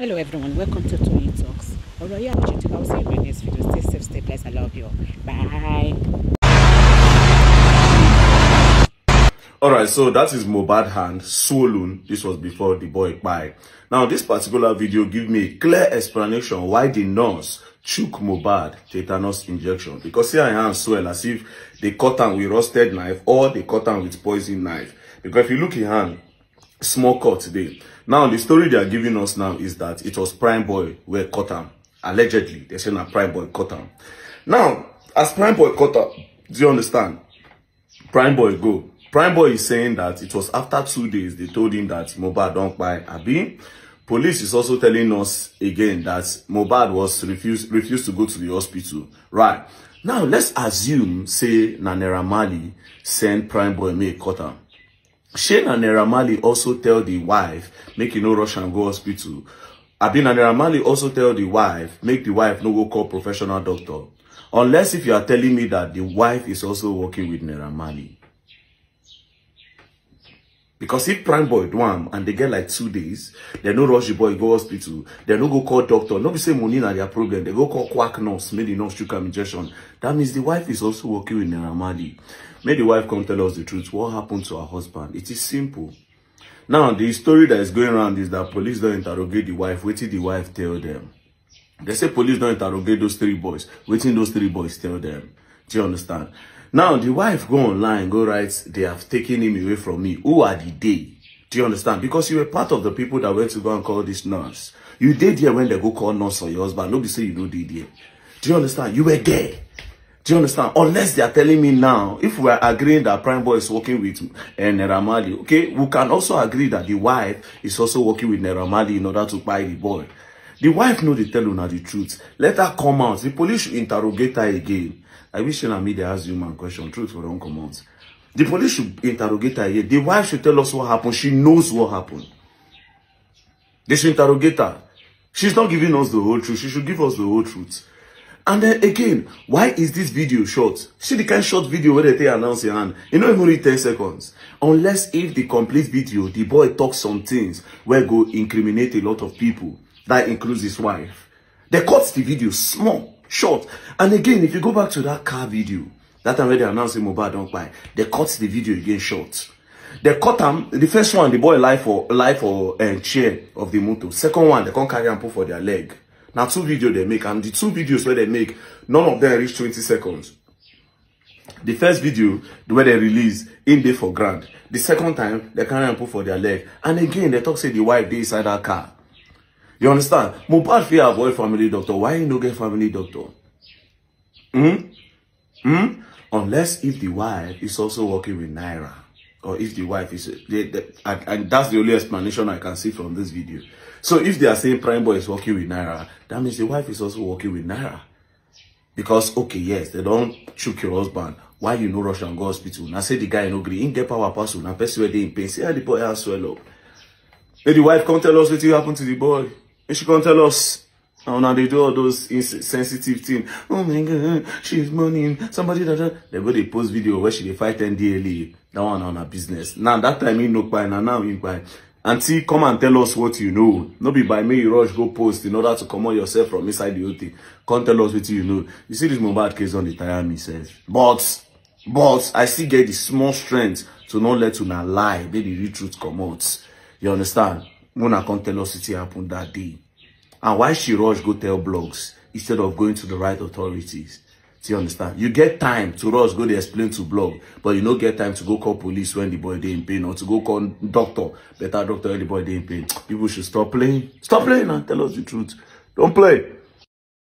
hello everyone welcome to Tony Talks Alright, I'll see you in my next video stay safe stay blessed i love you bye. Alright, so that is Mobad hand swollen. This was before the boy bye. Now, this particular video give me a clear explanation why the nurse took Mobad tetanus injection. Because here I am swell as if they cut him with rusted knife or they cut him with poison knife. Because if you look in hand, small cut today. Now, the story they are giving us now is that it was Prime Boy where cut him. Allegedly, they say that Prime Boy cut him. Now, as Prime Boy cut him, do you understand? Prime Boy go. Prime Boy is saying that it was after two days they told him that Mobad don't buy Abi. Police is also telling us again that Mobad was refused refused to go to the hospital. Right. Now, let's assume, say, Nanera Mali sent Prime Boy May cut him. Shane and naira also tell the wife make e no rush and go hospital Abin and naira also tell the wife make the wife no go call professional doctor unless if you are telling me that the wife is also working with naira Because if prime boy do am and they get like two days, they no rush the boy go hospital. They no go call doctor. No be say money na their problem. They go call quack nurse, Maybe nurse shoot am injection. That means the wife is also working with Naira Marley. May the wife come tell us the truth. What happened to her husband? It is simple. Now, the story that is going around is that police don't interrogate the wife. Wait till the wife tell them. They say police don't interrogate those three boys. Waiting those three boys tell them. Do you understand? Now, the wife go online, go write, they have taken him away from me. Who are the day Do you understand? Because you were part of the people that went to go and call this nurse. You did there when they go call nurse on your husband. Nobody say you know did there. Do you understand? You were there. Do you understand? Unless they are telling me now, if we are agreeing that Prime Boy is working with uh, eh, Neramali, okay, we can also agree that the wife is also working with Neramali in order to buy the boy. The wife know the tell you now the truth. Let her come out. The police should interrogate her again. I wish you and me they ask you man question. Truth for don't come out. The police should interrogate her again. The wife should tell us what happened. She knows what happened. They should interrogate her. She's not giving us the whole truth. She should give us the whole truth. And then again, why is this video short? See the kind of short video where they announce your hand. You know, only 10 seconds. Unless if the complete video, the boy talks some things where go incriminate a lot of people that includes his wife. They cut the video small, short. And again, if you go back to that car video, that time when they announced him mobile don't buy, they cut the video again short. They cut them. Um, the first one, the boy lie for lie for uh, eh, chair of the motor. Second one, they can't carry and pull for their leg. Now two videos they make, and the two videos where they make, none of them reach 20 seconds. The first video where they release in there for grand. The second time they carry and pull for their leg. And again, they talk say the wife they inside that car. You understand? Mohbad fit avoid family doctor. Why you no get family doctor? Hmm? Hmm? Unless if the wife is also working with Naira. Or if the wife is... They, they, and, and that's the only explanation I can see from this video. So if they are saying Prime Boy is working with Naira, that means the wife is also working with Naira. Because, okay, yes, they don't choke your husband. Why you no rush and go hospital? Now say the guy no green, get power person. Now person where they in pain. See how the boy has swell up. Then the wife come tell us what happened to the boy. she can't tell us. And oh, now they do all those insensitive things. Oh my God, she's mourning. Somebody that, they go they post video where she they fight daily. That one on her business. Now that time he no cry. Now now he cry. Auntie, come and tell us what you know. Not be by me you rush go post in order to come on yourself from inside the OT. Come tell us what you know. You see this Mohbad case on the tire me says. But but I still get the small strength to not let una lie. Baby, the truth come out. You understand? Mona can't tell us it happened that day. And why she rush go tell blogs instead of going to the right authorities? Do you understand? You get time to rush, go to explain to blog, but you don't get time to go call police when the boy they in pain or to go call doctor, better doctor when the boy they in pain. People should stop playing. Stop playing and tell us the truth. Don't play.